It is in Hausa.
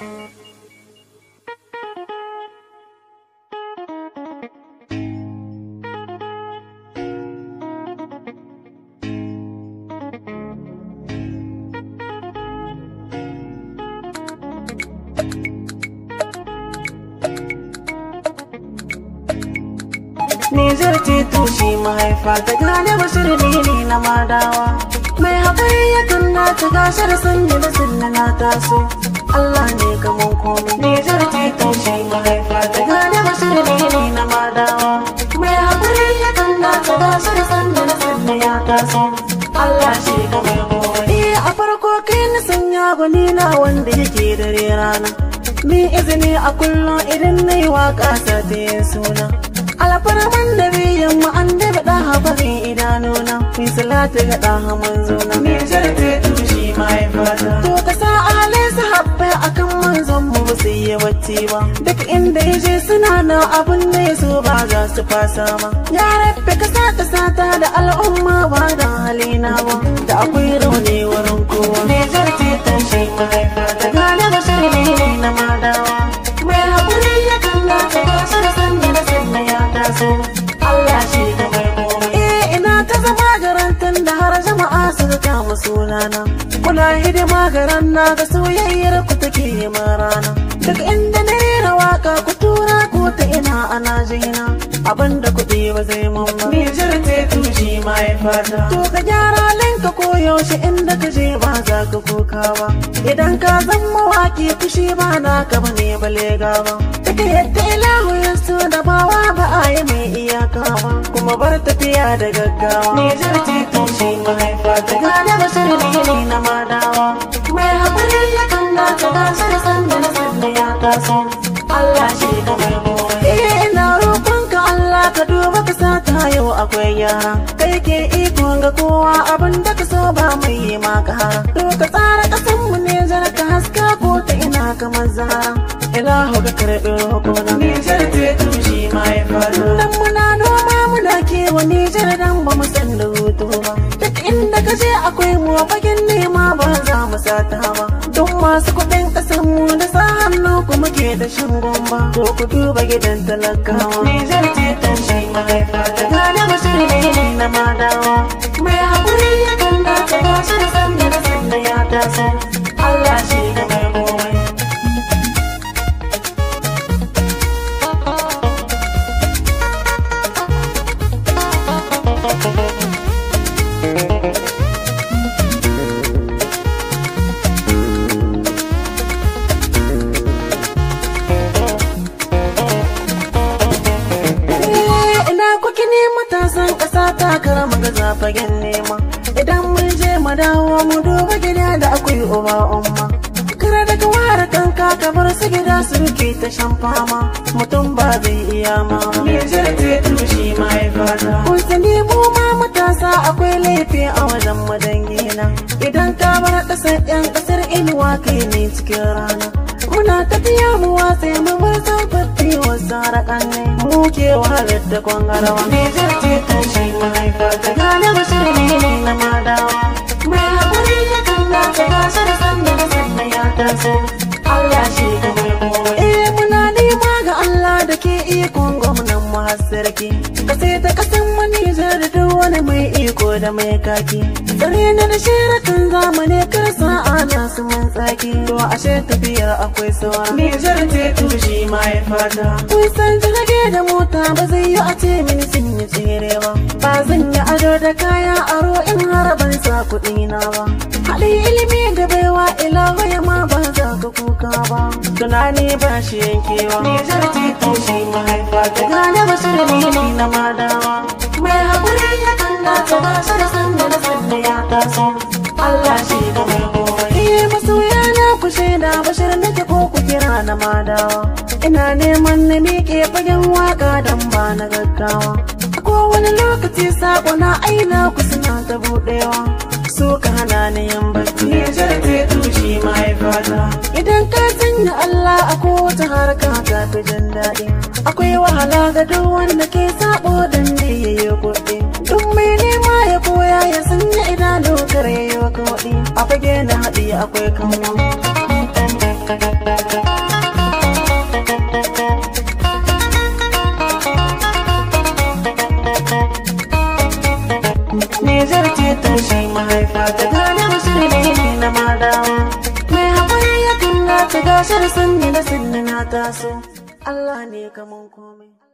Nijar ce tushe mahaifa ta gane bashir ne na madawa. Mai haƙuri ya na ta gasar sun na sun na taso. Allah ne gaban komai ne zurfi tushe mahaifa ta gane musulmi ne na madawa mai haƙuri ya kanna ta gasu da sanda na sanda ya taso Allah shi gaban komai eh, a farko kai na sanya gwanina wanda yake dare rana min izini a kullum idan na yi waƙa satiyin suna alfarman da biyan mu an daga ɗan hafarin idanuna min salatu ga ɗan haman zona min zarfe tushe mahaifata titi ba duk inda ya je suna na abun da ya so ba za su fasa ma. ya rabbi ka sata sata da al'umma ba da halina ba da akwai rauni wurin kowa ne zarce ta shi mahaifa ta gane ba shirme ne na madawa mai haƙuri ya kalla ta gasu da sanya da sanya ya taso Allah shi ta bai eh ina ta zama garantin da har jama'a su ta mu sunana kuna hidima garan na ga soyayyar ku take marana duk inda na rera waka ku tura ko ta ina ana jina abin da kuɗi ba zai mun ba Nijar ta tuji mai to ka gyara linka ko yaushe inda ka je ba za ka koka ba idan ka zan mawaki fushi ba na ka ba ne bale gaba take yadda ilahu yasu da bawa ba a yi mai iyaka ba kuma bar tafiya da gaggawa Nijar ta tuji akwai yara kai ke iko ga kowa abin da ka so ba mai yi maka hara ka tsara kasan mu ne zara ka haska ko ta ina kamar zara ila ga karɓi roko na nijar te tumshi ma ya faru dan muna noma muna kewa nijar dan ba mu san da hutu ba duk inda ka je akwai mu fagen nema ba za mu sata ba don masu kuɗin ƙasar mu da sa hannu kuma ke da shan gomba ko ku duba gidan talakawa nijar te tumshi mai fagen nema idan mun je mu dawo mu duba gida da akwai uba umma kira daga ware kanka ka bar su gida su rike ta shan fama mutum ba zai iya ma me jirgin tushe ma ya fata kun mu ma matasa akwai laifi a wajen madangina idan ka bar kasar yan kasar inuwa kai ne cikin rana muna tafiya mu ya mu bar sababbi wasu harakan ne mu ke wahalar da kwangarwa me je ta tushi mai fata dawa mai haƙuri ya kalla ta gasa da san da sannan ya taso Allah shi ka barko eh muna nema ga Allah da ke ikon gwamnan mu har ta kasan mani zai da wani mai iko da mai kaki tsare na na shirakan zamane kar sa'a na su tsaki to ashe tafiyar akwai sawa Nijar ce tushi ma ya fata Kusan jirage da mota ba zai yi a ce mini sun yi tsere ba Ba zan yi ado da kaya aro in har ban sa kuɗi na ba Haɗi ilimi da baiwa ilawa ya ma ba za ka kuka ba Tunani ba shi yankewa Nijar ce tushi ma ya fata Gane ba shi da ni na madawa Mai haƙuri ya kan gata ba shi da sanda da sanda ya taso shaida bashir nake ko ku kira na madawa ina neman na miƙe fagen waka don ba na gaggawa ko wani lokaci sako na aina ku suna ta buɗewa so ka hana ni yin barci ya jarfe tushi mahaifata idan ka sanya Allah a kowace harka ta fi jin daɗi akwai wahala ga duk wanda ke sabo da akwai kanwa Me zarce tushe mahaifa ta gane musulmi ne na madawa Mai haƙuri ya kan ta gasar sanni da sanni na taso Allah ne kaman komai